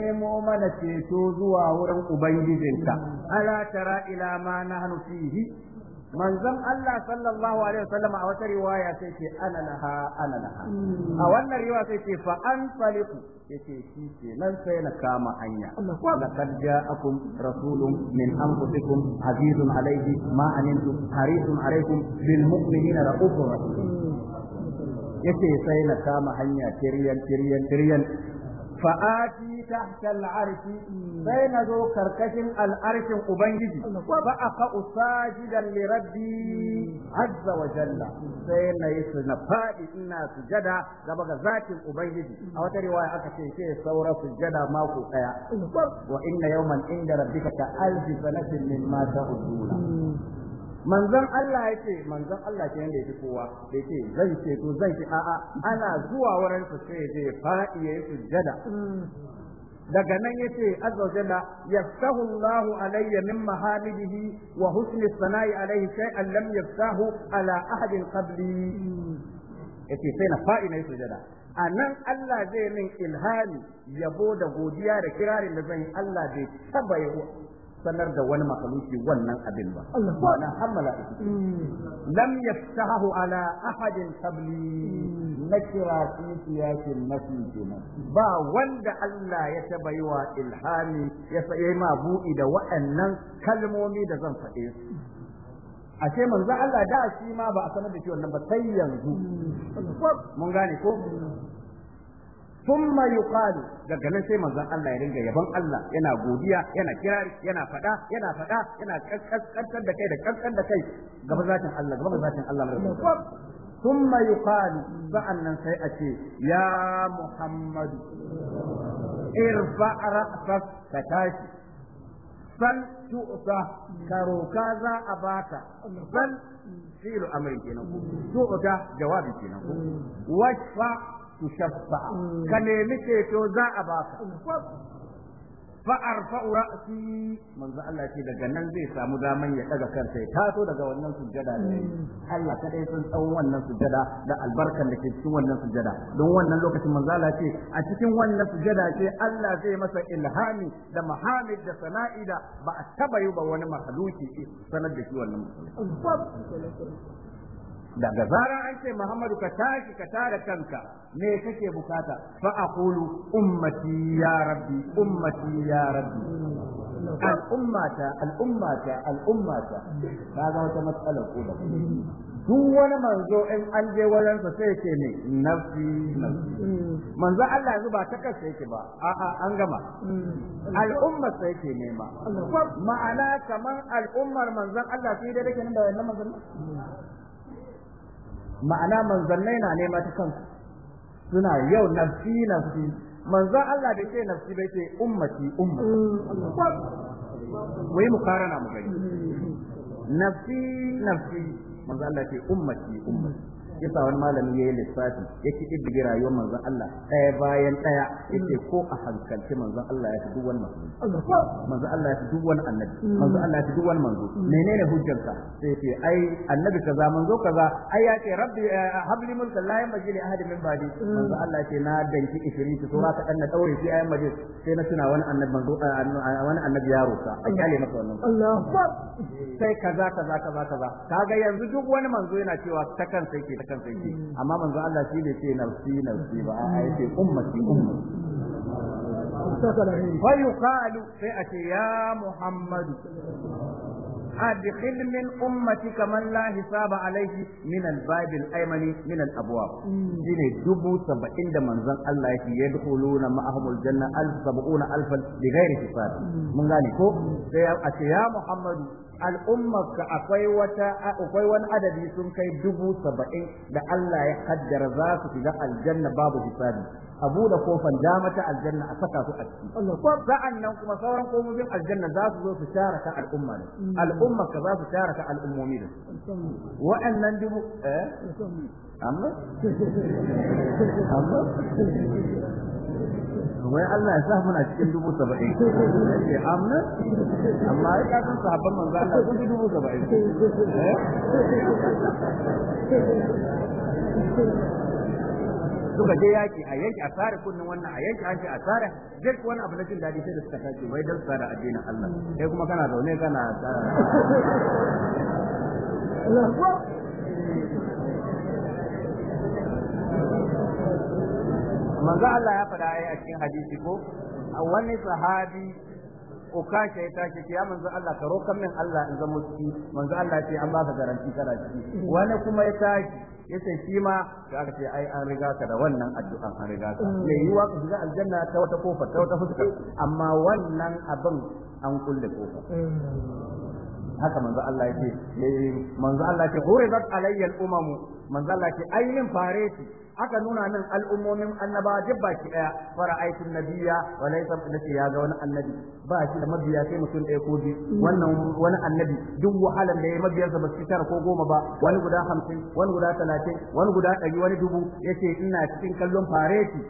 nemo mana ceto zuwa wurin ubangijinka ala tara ila ma nahnu fihi manzon Allah sallallahu alaihi wasallam a wata riwaya sai ce ana laha ana laha a wannan riwaya sai ce fa an faliku yace shi ke nan sai na kama hanya laqad ja'akum rasulun min anfusikum azizun alaihi ma anantum harisun alaikum bil mu'minina raufur rahim yace sai na kama hanya kiryan kiryan kiryan fa'ati tahta al'arshi sai na zo karkashin al'arshin ubangiji wa ba aka usajidan li rabbi azza wa jalla sai na yi su na fadi ina sujada gaba ga zakin ubangiji a wata riwaya aka ce sai saura sujada mako daya wa inna yawman inda rabbika ka alfi sanatin mimma ta'uduna manzon Allah ya ce manzon Allah ke yadda ya fi kowa da ce zan ce to zan ce a'a ana zuwa wurin sa sai ya je fa'i ya sujjada daga nan yace azza wa jalla yaftahu Allahu alayya min mahamidihi wa husni sana'i alayhi shay'an lam yaftahu ala ahadin qabli yace sai na fa'i na yi sujjada a nan Allah zai min ilhami yabo da godiya da kirarin da zan yi Allah bai taba yi sanar da wani makaluki wannan abin ba ma'ana har mala'iku hmm. lam yaftahu ala ahadin qabli hmm. nakira fi siyasin nafi kenan ba wanda Allah ya taba yi wa ilhami ya sai ma bu'i da waɗannan kalmomi da zan faɗe su ashe manzo Allah da shi ma ba a sanar da shi wannan ba sai yanzu hmm. mun gane ko ثم يقال daga nan sai manzon Allah ya ringa yabon Allah yana godiya yana kirari yana fada yana fada yana kaskantar da kai da kaskantar da kai gaba zatin Allah gaba zatin Allah ثم يقال فأن سيأتي يا محمد ارفع رأسك فتاشي بل تؤتى كروكازا ذا أباك بل فيل أمري تؤتى جوابي كينا واشفع Mm. ka nemi ceto za a baka fa'arfa ra'si manzo Allah ce daga nan zai samu daman ya daga kansa ya taso daga wannan sujjada ne mm. Allah kadai sun tsawon wannan sujjada da albarkar da ke cikin wannan sujjada don wannan lokacin manzo Allah ce a cikin wannan sujjada ce Allah zai masa ilhami da mahamid da sana'ida ba a taba yi ba wani mahaluki sanar da shi wannan daga zarar an ce Muhammadu ka tashi ka tara kanka me kake bukata fa aqulu ummati ya rabbi ummati ya rabbi al'ummata al'ummata al'ummata kaga wata matsalar ko da duk wani manzo in an je wajen sa sai ce ne nafsi nafsi manzo Allah yanzu ba ta kansa yake ba a'a an gama al'ummar sa yake nema ma'ana kaman al'ummar manzon Allah sai dai dake nan da wannan manzon ma'ana manzannai na nema ta kansu suna yau nafsi nafsi manzon Allah bai ce nafsi bai ce ummati ummati wai mu karana mu gani mm. nafsi nafsi manzon Allah ce ummati ummati yasa wani malami yi lissafi ya ki diddige rayuwar manzon Allah ɗaya bayan ɗaya yace ko a hankalci manzon Allah ya fi duk wani musulmi manzon Allah ya fi duk wani annabi manzon Allah ya fi duk wani manzo menene hujjarka sai ce ai annabi kaza manzo kaza ai ya ce rabbi eh, habli mulkan la yanbaghi li ahadin min ba'di manzon Allah ce na danki ifrit to ka dan na daure shi ayan maje sai na tuna wani annabi manzo eh, eh, wani annabi yaro ka a kyale maka wannan Allahu sai kaza kaza kaza kaza kaga yanzu duk wani manzo yana cewa ta kansa yake kansa yake amma manzo Allah shi ne ce nafsi nafsi ba a yace ummati ummati fa yuqalu sai a ce ya muhammadu بخدم أمتك من لا حساب عليه من الباب الأيمن من الأبواب جيني دبو سبعين من زن الله يدخلون معهم الجنة ألف سبعون ألفا بغير حساب من ذلك يا محمد al'ummarka akwai wata akwai wani adadi sun kai dubu saba'in da Allah ya kaddara za su shiga aljanna babu hisabi a buɗe kofar dama ta aljanna a saka su a ciki sa'an nan kuma sauran kofofin aljanna za su zo su tara ka al'umma ne mm. al'umma ka za su tara ka al'ummomi da wa'annan dubu eh amma amma wai Allah ya sa muna cikin dubu saba'in ce amna amma ya ka san sahabban manzo Allah sun dubu saba'in eh? suka je yaki a yanki a tsare kunnin wannan a yanki hanci a tsare duk wani abu na jin daɗi sai da suka tace wai dan tsara addinin Allah sai kuma kana zaune kana tsara manzo Allah ya faɗa a cikin hadisi ko wani sahabi ukasha ya tashi ya manzo Allah ka rokan min Allah in zama ciki manzo Allah ya ce an ba ka garanti kana ciki wani kuma ya tashi yace shi ma da aka ce ai an riga ka da wannan addu'an an riga ka me mm. yiwa ka shiga aljanna ta wata kofa ta wata fuska amma wannan abin an kulle kofa mm. haka manzo Allah yake manzo Allah yake uridat alayya al umam manzo Allah yake ainin fareti aka nuna nan al'ummomin annaba duk baki daya fara'aitu nabiyya wa laysa nace ya ga wani annabi ba shi da mabiya sai mutum ɗaya ko biyu wannan wani annabi duk wahalan da ya sa ba su tara ko goma ba wani guda hamsin wani guda talatin wani guda ɗari wani dubu yace ina cikin kallon fareti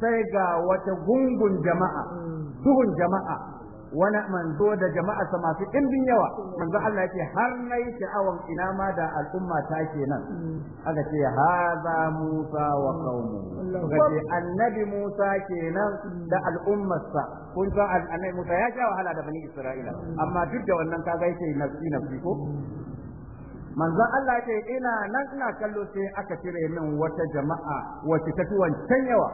sai ga wata gungun jama'a duhun jama'a wani manzo da jama'arsa masu ɗimbin yawa manzo Allah yake har nayi sha'awan ina ma da al'umma ta kenan aka ce haza Musa wa qaumi kace annabi Musa kenan da al'ummarsa kun san annabi Musa ya sha wahala da bani Isra'ila amma duk da wannan ka yake nafsi nafsi ko manzo Allah ce ina nan ina kallo sai aka cire min wata jama'a wacce ta tuwan wancan yawa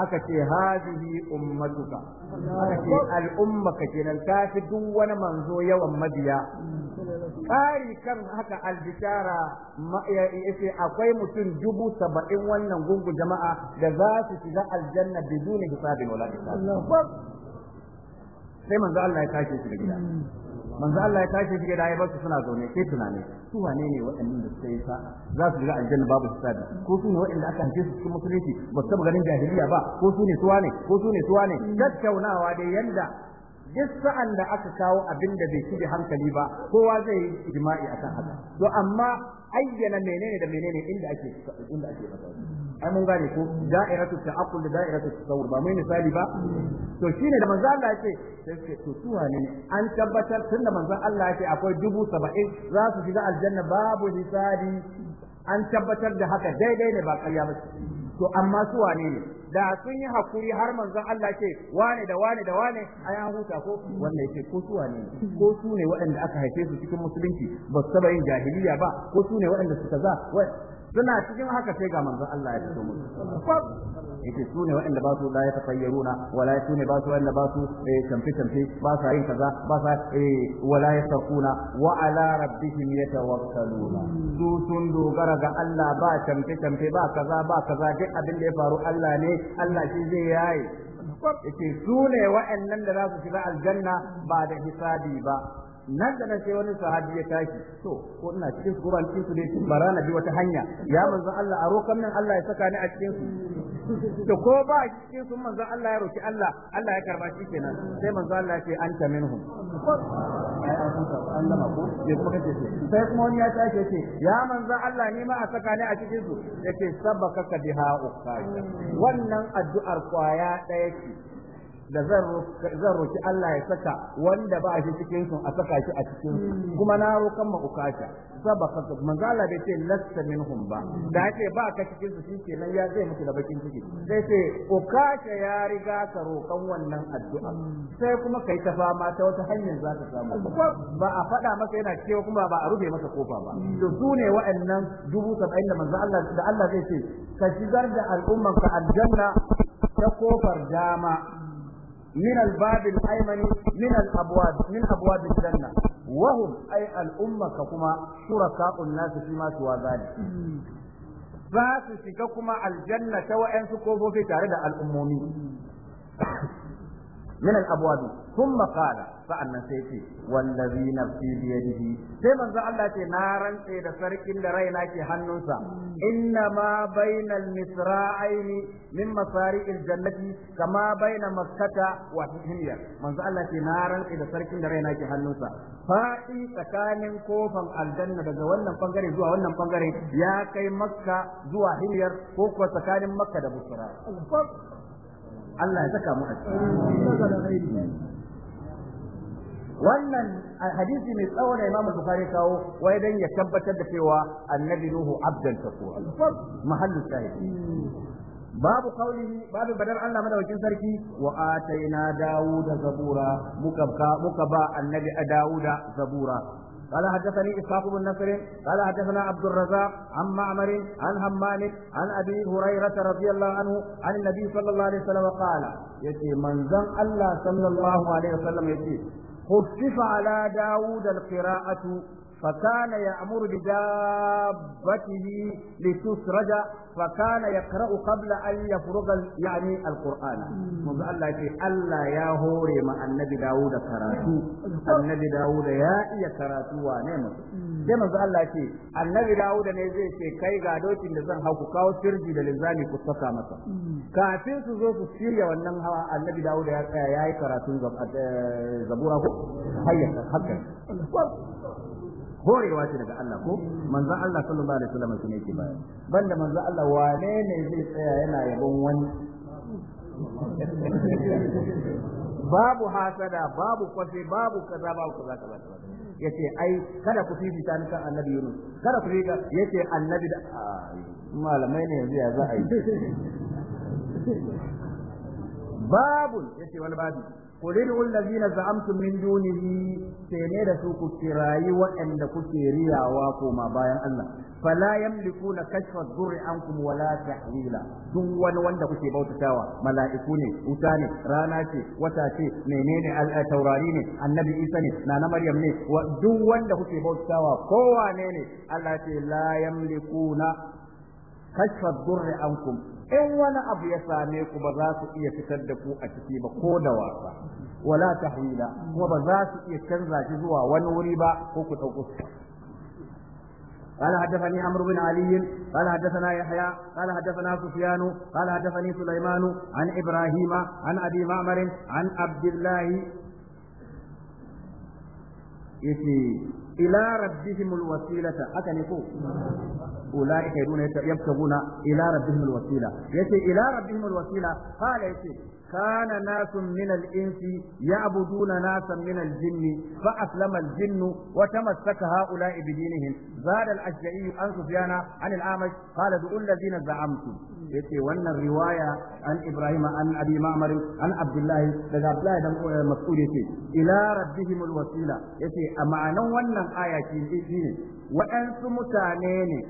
aka ce hazihi ummatuka aka al'umma ka kenan ta fi duk wani manzo yawan mabiya Kari kan haka albishara yace akwai mutum dubu saba'in wannan gungu jama'a da za su shiga aljanna biduni hisabin wala hisab sai manzo Allah ya kashe shi da gida hmm. manzo Allah ya tashi shi da ayyabansu suna zaune sai tunani su wane ne waɗannan da suka yi sa za su ga aljanna babu hisabi ko su ne waɗanda aka hanje su cikin musulunci ba su taɓa ganin jahiliya ba ko su ne su wane ko su ne su wane tattaunawa dai yanda duk sa'an da aka kawo abin da bai shige hankali ba kowa zai yi ijma'i akan haka to amma ayyana menene da menene inda ake inda ake ai mun gane ko da'iratu ta'aqqul da da'iratu tasawur ba mai misali ba to shine da manzo Allah yake sai ce to su ne an tabbatar tunda manzo Allah yake akwai dubu saba'in za su shiga aljanna babu hisabi an tabbatar da haka daidai ne ba ƙarya ba to amma su wane ne da sun yi hakuri har manzon Allah ce wane da wane da wane ai an huta ko wanda yake ko su wane ko su ne waɗanda aka haife su cikin musulunci ba su saba yin jahiliya ba ko su ne waɗanda suka za suna cikin haka sai ga manzon Allah ya fito musu yace su ne waɗanda ba su la ya tafayyaruna wala su ne ba su waɗanda ba su eh, tamfi tamfi ba sa yin kaza ba sa eh, wala ya sarkuna wa ala rabbihim yatawakkaluna su sun dogara ga Allah ba tamfi tamfi ba kaza ba kaza duk abin da ya faru Allah ne Allah shi zai yayi yace su ne waɗannan da za su shiga aljanna ba da hisabi ba nan da nan sai wani sahabi ya tashi to ko ina cikin su ran cikin su ne bara na bi wata hanya ya manzo Allah a rokan nan Allah ya saka ni a cikin su to ko ba cikin su manzo Allah ya roki Allah Allah ya karba shi kenan sai manzo Allah ya ce anta minhum ai an huta an lama ko sai kuma kace sai kuma wani ya tashi ya ce ya manzo Allah ni ma a saka ni a cikin su yace sabaka ka biha ukka wannan addu'ar kwaya daya ce da zan roki Allah ya saka wanda ba shi cikin sun a saka shi a cikin hmm. kuma na rokan ma ukasha sabaka manzo Allah bai ce lasta minhum ba hmm. da yake ba ka cikin su shi kenan ya zai miki da bakin ciki sai ce ukata ya riga ka rokan wannan addu'a hmm. sai kuma kai ta fama ta wata hanyar za ka samu ba a faɗa maka yana cewa kuma ba a rufe masa kofa ba to su ne waɗannan dubu saba'in da manzo Allah da Allah zai ce ka shigar da al'umman ka aljanna ta kofar dama من الباب الأيمن من الأبواب من أبواب الجنة وهم أي الأمة كما شركاء الناس فيما سوى ذلك فاس كما الجنة وإن سكوبوا في تارد الأمومين من الأبواب ثم قال Sa'an nan sai ce wallazi nafsi bi sai manzo Allah ce na rantse da sarkin da raina ke hannunsa inna ma bainal misra'ain min masari'il jannati kama baina makkata wa hijriya manzo Allah ce na rantse da sarkin da raina ke hannunsa fa'i tsakanin kofan aljanna daga wannan bangare zuwa wannan bangare ya kai makka zuwa hijriyar ko kuwa tsakanin makka da busra Allah ya saka mu a cikin wannan hadisi mai tsawo da Imam Bukhari kawo wai dan ya tabbatar da cewa annabi Nuhu abdan shakura mahallu shahidi babu kaulihi babu badar Allah madaukin sarki wa ataina Dawuda zabura muka muka ba annabi Dawuda zabura قال حدثني اسحاق بن نصر قال حدثنا عبد الرزاق عن معمر عن همام عن ابي هريره رضي الله عنه عن النبي صلى الله عليه وسلم قال يتي من زن الله صلى الله عليه وسلم يتي خفف على داود القراءة فكان يأمر بدابته لتسرج فكان يقرأ قبل أن يفرغ يعني القرآن منذ الله يقول ألا يا هوري مع النبي داود كراتو النبي داود يا إيا كراتو وانيما sai manzo Allah ce annabi Dawud ne zai ce kai ga dokin da zan hau ku kawo sirji da linzami ku saka masa kafin su zo su shirya wannan hawa annabi ya yayi karatun zabura ko horewa ce daga Allah ko manzon Allah sallallahu alaihi wasallam shi ne yake bayani banda manzon Allah wane ne zai tsaya yana yabon wani babu hasada babu kwafe babu kaza babu kaza kaza yace ai kada ku fifi ta kan annabi Yunus kada ku riga yace annabi da malamai ne yanzu ya za a yi babu yace wani babu قل ادعوا الذين زعمتم من دونه سيني da su ku kirayi waɗanda kuke riyawa koma bayan Allah fala yamlikuna kashfa dhurri ankum wala tahwila duk wani wanda kuke bautatawa mala'iku ne wuta ne rana ce wata ce menene eh, taurari ne annabi isa ne nana maryam ne duk wanda kuke bautatawa kowa ne ne Allah ce la yamlikuna kashfa dhurri ankum in wani abu ya same ku ba za su iya fitar da ku a ciki ba ko da wasa wala tahwila kuma ba za su iya canza shi zuwa wani wuri ba ko ku dauko قال حدثني عمرو بن علي قال حدثنا يحيى قال حدثنا سفيان قال حدثني سليمان عن ابراهيم عن ابي معمر عن عبد الله يتي إلى ربهم الوسيلة حتى نقول أولئك يدون يبتغون إلى ربهم الوسيلة يسي إلى ربهم الوسيلة قال يسي kana nasun min al-insi ya'buduna nasan min jinni fa aslama wata jinn wa tamassaka ha'ula'i bi dinihim zada al-ashja'i an sufyana an al-amash qala du'u alladhina za'amtum yace wannan riwaya an Ibrahim, an abi ma'mar an abdullahi daga abdullahi dan eh, mas'ud yace ila rabbihim al-wasila yace a ma'anan wannan aya ce shine waɗansu mutane ne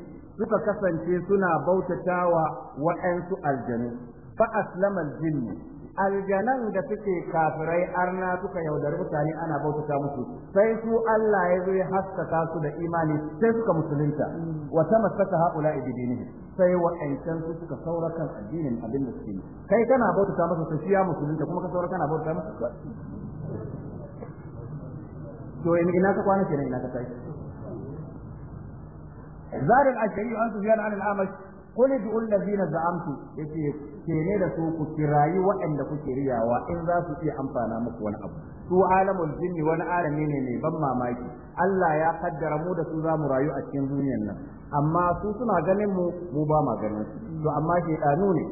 suka kasance suna bautatawa waɗansu aljanu fa aslama al-jinni aljanan da suke kafirai arna suka yaudari mutane ana bautata musu sai su Allah ya zo ya haskaka su da imani sai suka musulunta wa tamassaka haula ibidinihim sai wa'ancan su suka saura kan addinin abin da suke kai kana bautata masa sai shi ya musulunta kuma ka saura kana bautata masa to ina ka kwana kenan ina ka tashi zarin ashari an su yana al-amash قل ادعوا الذين زعمتم yace kene da su ku kirayi waɗanda kuke riyawa in za su iya amfana muku wani abu su alamul jinni wani alami ne mai ban mamaki Allah ya kaddara mu da su zamu rayu a cikin duniyar nan amma su suna ganin mu mu ba ma ganin su to amma shedanu ne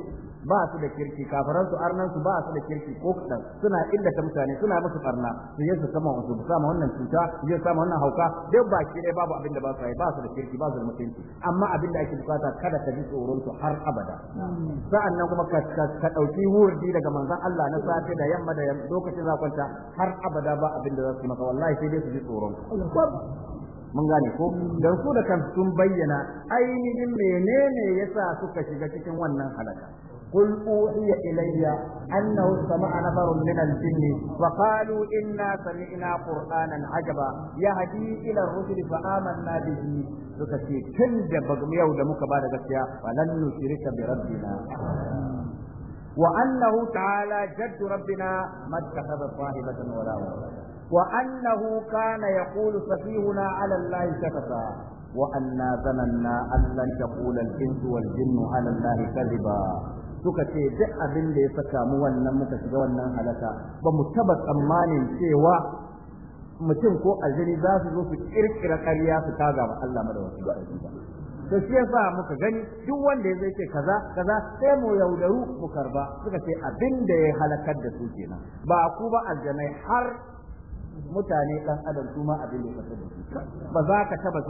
ba su da kirki kafaran su arnan su ba su da kirki ko kadan suna illata mutane suna musu barna su yi su sama su sama wannan cuta su yi sama wannan hauka duk baki dai babu abin da ba su yi ba su da kirki ba su da mutunci amma abin da ake bukata kada ka ji tsoron su har abada Sa'an nan kuma ka dauki wurdi daga manzon Allah na safe da yamma da lokacin za kwanta har abada ba abin da za su maka wallahi sai dai su ji tsoron mun gane ko dan su da kan sun bayyana ainihin menene yasa suka shiga cikin wannan halaka قل أوحي إلي أنه سمع نفر من الجن وقالوا إنا سمعنا قرآنا عجبا يهدي إلى الرسل فآمنا به سكتي كل جبكم يوم بعد ذلك ولن نشرك بربنا وأنه تعالى جد ربنا ما اتخذ صاحبة ولا ولدا وأنه كان يقول سفيهنا على الله شفقا وأنا ظننا أن لن تقول الإنس والجن على الله كذبا suka ce duk abin da ya saka mu wannan muka shiga wannan halaka ba mu taba tsammanin cewa mutum ko aljini za su zo su kirkira ƙarya su taga wa Allah madawacin ƙarfi ba to shi yasa muka gani duk wanda ya zai ce kaza kaza sai mu yaudaru mu karba suka ce abin da ya halakar da su kenan ba ku ba aljanai har mutane dan adam su ma abin da ya fata ba za ka taba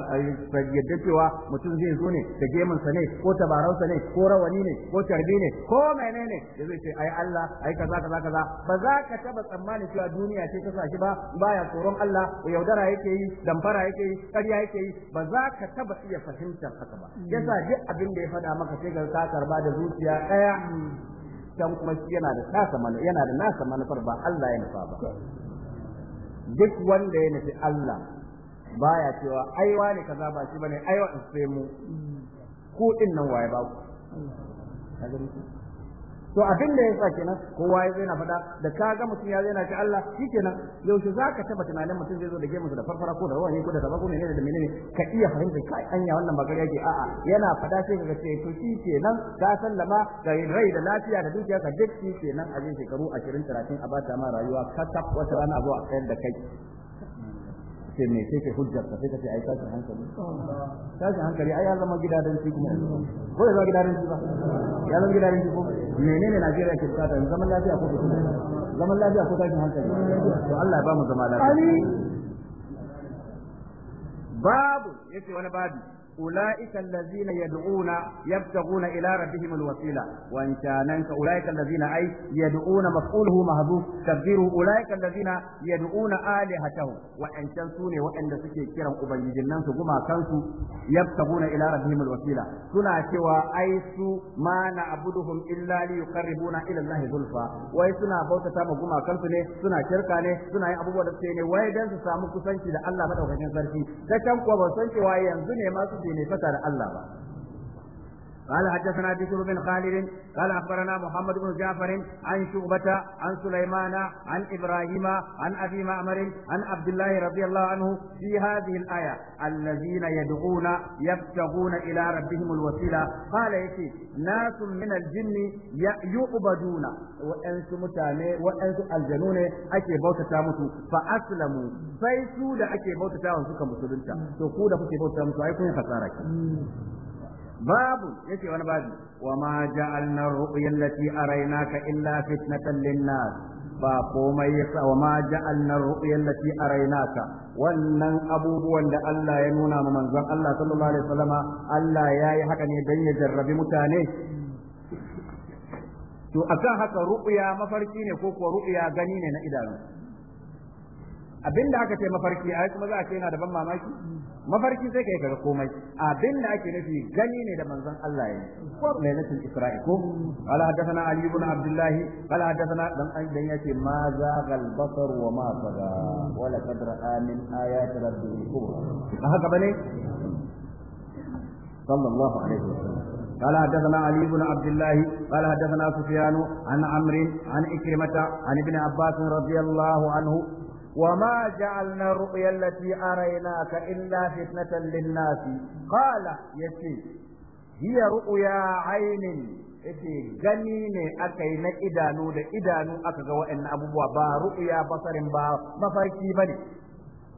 yadda cewa mutum zai zo ne da gemunsa ne ko tabarausa ne ko rawani ne ko tarbi ne ko menene da zai ce ai Allah ai kaza kaza kaza ba za ka taba tsammani cewa duniya ce ta shi ba baya tsoron Allah yaudara yake yi damfara yake yi ƙarya yake yi ba za ka taba iya fahimtar haka ba mm. yasa duk abin da ya faɗa maka sai ka karba da zuciya ɗaya mm. can kuma yana da nasa manufar ba Allah ya nufa ba duk wanda ya nufi Allah baya cewa aiwani ne kaza ba shi bane aiwa in sai mu ku din nan waye ba ku to abin da ya sa kenan kowa ya zai na fada da ka ga mutum ya zai na ci Allah shi kenan yaushe za ka taba tunanin mutum zai zo da gemu da farfara ko da rawani ko da taba ko menene da menene ka iya fahimta kai anya wannan ba gari yake a yana fada sai ka ce to shi kenan ka sallama ga rai da lafiya da dukiya ka duk shi kenan a shekaru 20 30 a ba ta ma rayuwa ka tab wata rana zuwa a kai da kai sai mai sai kai hujjar ka sai ka ce ai tashin hankali tashin hankali ai ya zama gidadan ci kuma ko ya zama gidadan ci ba ya zama gidadan ci ko menene Najeriya ke bukata zaman lafiya ko kuma zaman lafiya ko tashin hankali to Allah ya ba mu zama lafiya babu yace wani babu أولئك الذين يدعون يبتغون إلى ربهم الوسيلة وإن كان أولئك الذين أي يدعون مفعوله مهذوف تبديره أولئك الذين يدعون آلهتهم وإن كان سوني وإن سكي كرم أبن جنان سكما كانسوا يبتغون إلى ربهم الوسيلة سنة سوى أيس ما نعبدهم إلا ليقربونا إلى الله زلفى وإن سنة بوتا تاما كما كانسوا سنة شركة سنة أبو ودفتين وإن سنة سامو كسانشي لألا مدوكا كنسرشي تشمكوا بسانشي وإن سنة ما ne fata da Allah ba قال حدثنا بشر بن خالد قال اخبرنا محمد بن جعفر عن شعبة عن سليمان عن ابراهيم عن ابي معمر عن عبد الله رضي الله عنه في هذه الايه الذين يدعون يبتغون الى ربهم الوسيله قال يتي ناس من الجن يعبدون وانس متانه وانس الجنون ake bautata musu fa aslamu sai su da ake bautata wa suka musulunta to ku da kuke bautata musu ai kun kasara ki babu يتي wani babu wa ma الرؤيا التي اريناك الا illa للناس فقوم nas ba komai الرؤيا wa ma wannan abubuwan da Allah ya nuna ma manzon Allah sallallahu alaihi wasallam Allah ya yi haka ne dan ya jarrabi mutane to akan haka ru'ya mafarki ne ko kuwa ru'ya gani ne na idanu abinda aka ce mafarki ai kuma za a ce yana da ban mamaki mafarki sai kai kaga komai abin da ake nufi gani ne da manzon Allah ya yi nufin isra'i ko ala hadathana ali ibn abdullah ala hadathana dan dan yace ma gal basar wa ma sada wa laqad ra'a min ayati rabbil kubra haka bane sallallahu alaihi wasallam قال حدثنا علي بن عبد الله قال حدثنا سفيان عن عمرو عن إكرمة عن ابن عباس رضي الله عنه وما جعلنا الرؤيا التي أريناك إلا فتنة للناس قال يتي هي رؤيا عين yace gani ne aka yi na idanu da idanu aka ga wa'annan abubuwa ba ru'ya basarin ba mafarki bane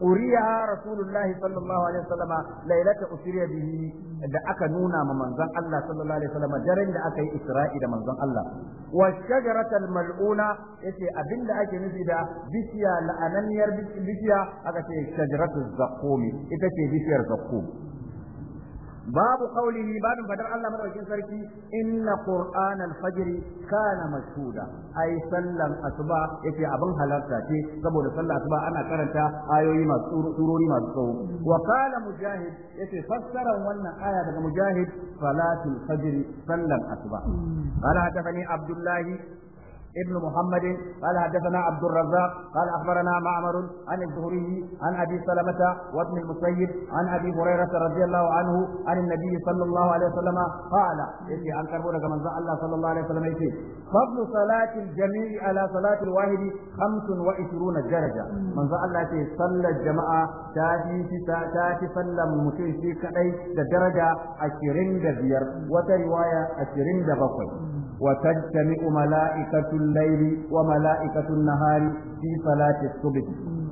uriya rasulullahi sallallahu alaihi wasallama lailata usriya bihi da aka nuna ma manzon Allah sallallahu alaihi wasallama daren da aka yi Isra'i da manzon Allah wa shajaratal mal'una yace abinda ake nufi da bishiya la'ananniyar bishiya aka ce shajaratul zaqumi ita ce bishiyar zaqum babu qaulihi babu fadar Allah madaukin sarki inna qur'an al-fajr kana mashhuda ai sallan asuba yace abin halarta ce saboda sallan asuba ana karanta ayoyi masu surori masu tsawo wa kana mujahid yace fassara wannan aya daga mujahid salatul fajr sallan asuba qala hadathani abdullahi ابن محمد قال حدثنا عبد الرزاق قال أخبرنا معمر عن الزهري عن أبي سلمة وابن المسيب عن أبي هريرة رضي الله عنه عن النبي صلى الله عليه وسلم قال يتي عن كربونة كما الله صلى الله عليه وسلم يتي فضل صلاة الجميع على صلاة الواحد خمس وعشرون درجة من الله يتي صلى الجماعة تاتي تاتي صلى mutum shi kadai da daraja ashirin da biyar wata riwaya ashirin da bakwai wa tajtami'u mala'ikatul الليل وملائكة النهار في صلاة الصبح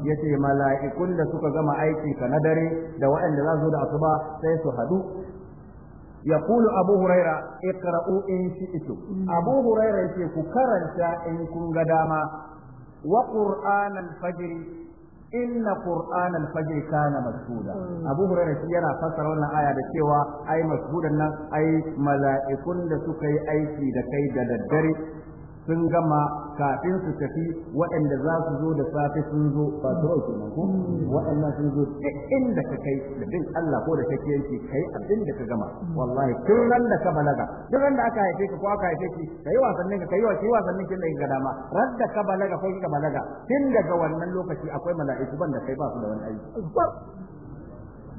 يتي mala'ikun da suka gama كندري دواء na dare da waɗanda za يقول أبو هريرة اقرأوا إن شئتم أبو هريرة يقول كرنسا إن كن قداما وقرآن الفجر إن قرآن الفجر كان مسجودا أبو هريرة يرى فسر لنا آية بسيوة أي مسجودا أي ملائكون لسكي أي في دكي ددري sun gama kafin su tafi waɗanda za su zo da safe sun zo ba su rau kenan ko waɗannan sun zo duk inda ka kai da bin Allah ko da kake yanki kai abin da ka gama wallahi tun nan da ka balaga duk nan da aka haife ka ko aka haife ki kai wasannin ka kai wasi wasannin kin da ga dama ran ka balaga ko kika balaga tun daga wannan lokaci akwai mala'iku ban da kai ba su da wani aiki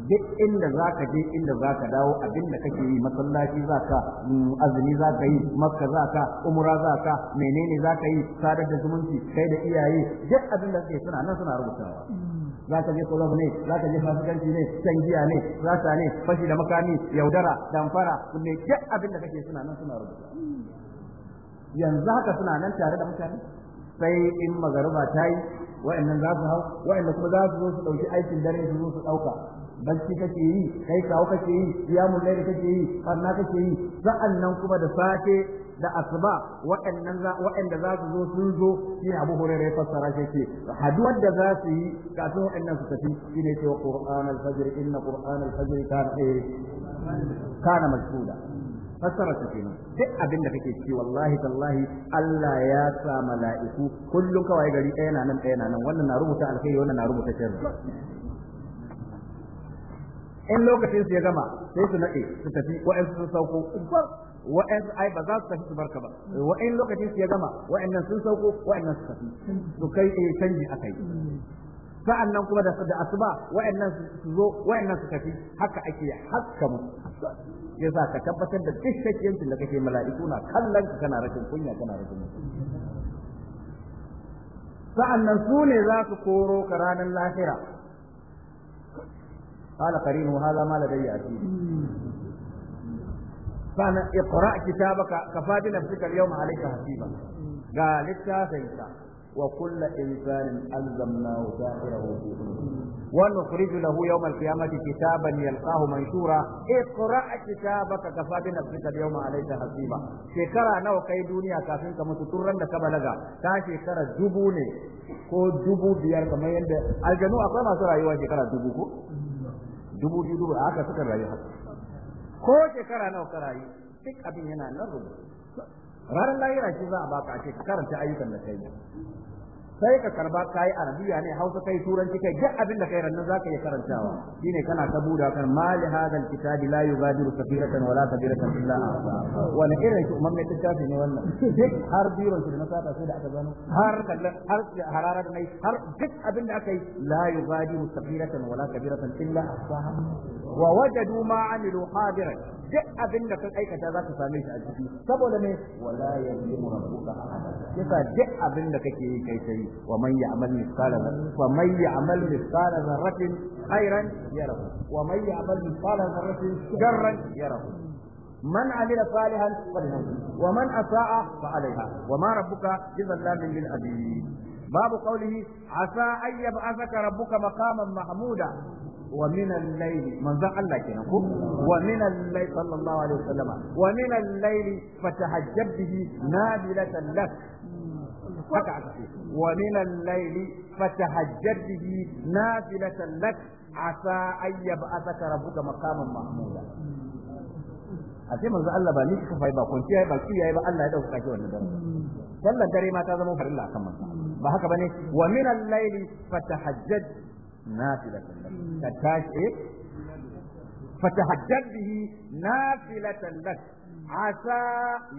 duk inda za ka je inda za ka dawo abin da kake yi masallaci za ka mm, azumi za ka yi makka za ka umra za ka menene za ka yi sadar da zumunci kai da iyaye duk abin da kake suna nan suna rubutawa za ka je kulob ne za ka je fasikanci ne san giya ne rasa ne fashi da makami yaudara damfara kunne duk abin da kake suna nan suna rubutawa yanzu haka suna nan tare da mutane sai in magariba ta yi wa'annan za su hau wa'anda kuma za su zo su ɗauki aikin dare su zo su ɗauka bacci kake yi kai kawo kake yi qiyamul layl kake yi farna kake yi sa'annan kuma da safe da asuba waɗannan waɗanda za su zo sun zo shi ne abu hurairai fassara shi ke. haduwar da za su yi kafin waɗannan su tafi shi ne ce qur'an al-fajr inna qur'an al-fajr kana eh, kana mashhuda fassara ta kenan duk abinda kake ci wallahi tallahi Allah ya sa mala'iku kullum kawai gari ɗaya na nan ɗaya na nan wannan na rubuta alkhairi wannan na rubuta sharri in lokacin su ya gama sai su nade su tafi wa'ansu sun sauko wa'ansu ai ba za su tafi su barka ba wa'in lokacin su ya gama wa'annan sun sauko wa'annan su tafi su kai eh, canji akai sa'annan kuma da da asuba wa'annan su zo wa'annan su tafi haka ake haska mu yasa ka tabbatar da duk shakkiyancin da kake mala'iku na kallon ka kana rashin kunya kana rashin mutunci sa'annan su ne za su koro ka ranar lahira قال قرينه هذا ما لدي عتيد فانا اقرا كتابك كفى بنفسك اليوم عليك حسيبا قال التاسع وكل انسان الزمناه سائره في ونخرج له يوم القيامة كتابا يلقاه منشورا اقرأ كتابك كفى بنفسك اليوم عليك حسيبا شكرا نو كاي دنيا كافين كما تترن da kabalaga ta shekara dubu ne ko dubu biyar kamar yadda aljanu akwai masu rayuwa shekara dubu ko dubu biyu dubu haka suka rayu haka ko shekara nawa ka rayu duk abin yana nan rubutu ranar lahira shi za a baka a ce ka karanta ayyukan da kai sai ka karba kai arabiya ne hausa kai turanci kai duk abin da kai rannan zaka iya karantawa shine kana ta buda kan mali hadal kitabi la yubadiru kabiratan wala kabiratan illa wani irin shi umman littafi ne wannan duk har biro shi na sata sai da aka gano? har kallan har harara da nai har duk abin da aka yi la yubadiru kabiratan wala kabiratan illa wa wajadu ma amilu hadiran duk abin da ka aikata za ka same shi a ciki saboda ne wala yanzu rabbuka ahada yasa duk abin da kake yi kai kai الشيء ومن يعمل مثقال ذرة ومن يعمل مثقال ذرة خيرا يره ومن يعمل مثقال ذرة شرا يره من عمل صالحا فلنفسه ومن أساء فعليها وما ربك بظلام للأبيد باب قوله عسى أن يبعثك ربك مقاما محمودا ومن الليل من ذا الله كنا ومن الليل صلى الله عليه وسلم ومن الليل فتهجد به نابلة لك haka aka ce ومن الليل فتهجد به نافلة لك عسى أن يبعثك ربك مقاما محمودا ashe manzo Allah ba ni kika fai ba kwanciya ba ki yayi ba Allah ya dauka kake wannan dare sallan dare ma ta zama farilla kan manzo ba haka bane wa min al-layli fatahajjad nafilatan lak ta tashi fatahajjad bihi nafilatan lak asa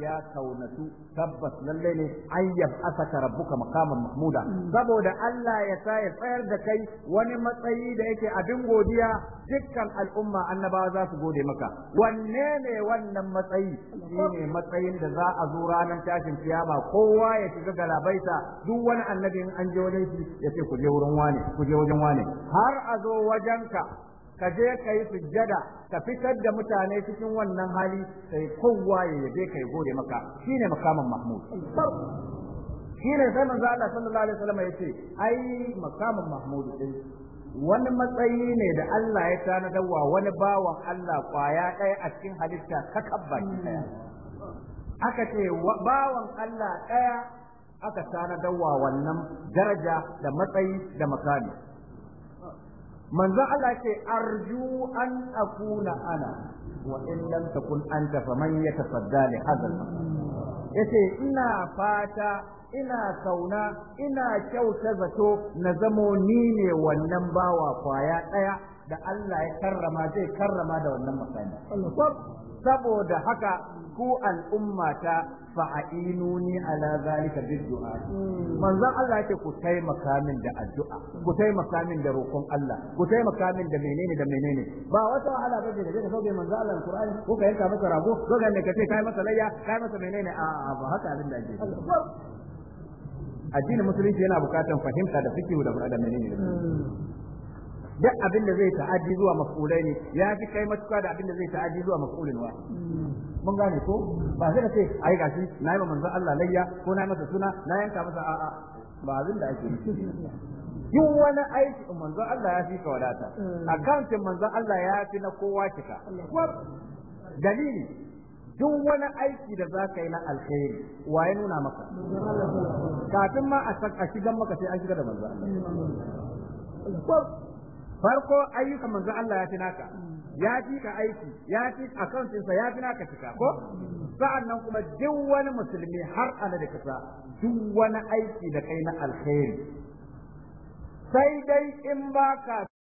ya kaunatu tabbas lalle ne an yab'asaka rabbuka maqaman mahmuda saboda Allah ya sa ya tsayar da kai wani matsayi da yake abin godiya dukkan al'umma annabawa za su gode maka wanne ne wannan matsayi shine matsayin da za a zo ranar tashin kiyama kowa ya shiga galabaita duk wani annabi in an je wajen shi ya ce ku je wurin wane ku je wajen wane har a zo wajenka ka je ka yi sujjada ka fitar da mutane cikin wannan hali sai kowa ya je ka yi gode maka shine makamin mahmud shine sai manzo Allah sallallahu alaihi wasallam yace ai makamin mahmud din wani matsayi ne da Allah ya wa wani bawan Allah kwaya ɗaya a cikin halitta ka kabbaki ɗaya aka ce bawan Allah ɗaya aka tanadarwa wannan daraja da matsayi da makami manzon Allah ke arju an akuna ana wa in lam takun anta faman yatasadda li hadha yace ina fata ina kauna ina kyauta zato na zamo ni ne wannan bawa kwaya daya da Allah ya karrama zai karrama da wannan makami saboda haka ku al'ummata fa'inuni ala zalika du'a. manzon Allah yake ku taimaka min da addu'a ku taimaka min da roƙon Allah ku taimaka min da menene da menene ba wata wahala bace da ka sauke manzon Allah Qur'ani ko ka yanka masa rago ko ga ne ka ce kai masa layya kai masa menene a a ba haka abin da ake addinin musulunci yana bukatan fahimta da fikihu da da menene da menene duk abin da zai ta'addi zuwa maf'ulai ne ya fi kai matuka da abin da zai ta'addi zuwa maf'ulin wa mun gane ko ba zai ce a ai gashi na yi manzon Allah layya ko na yi masa suna na yanka masa a'a ba abin da ake yi wani aiki manzon Allah ya fi ka wadata akauntin manzon Allah ya fi na kowa kika dalili duk wani aiki da za ka yi na alkhairi wa ya nuna maka kafin ma a shigan maka sai an shiga da manzo. Allah farko ayyukan manzo Allah ya fi naka ya fi ka aiki ya fi akan sa ya fi naka cika ko sa'annan kuma duk wani musulmi har ana da kasa duk wani aiki da kai na alheri? sai dai in ba ka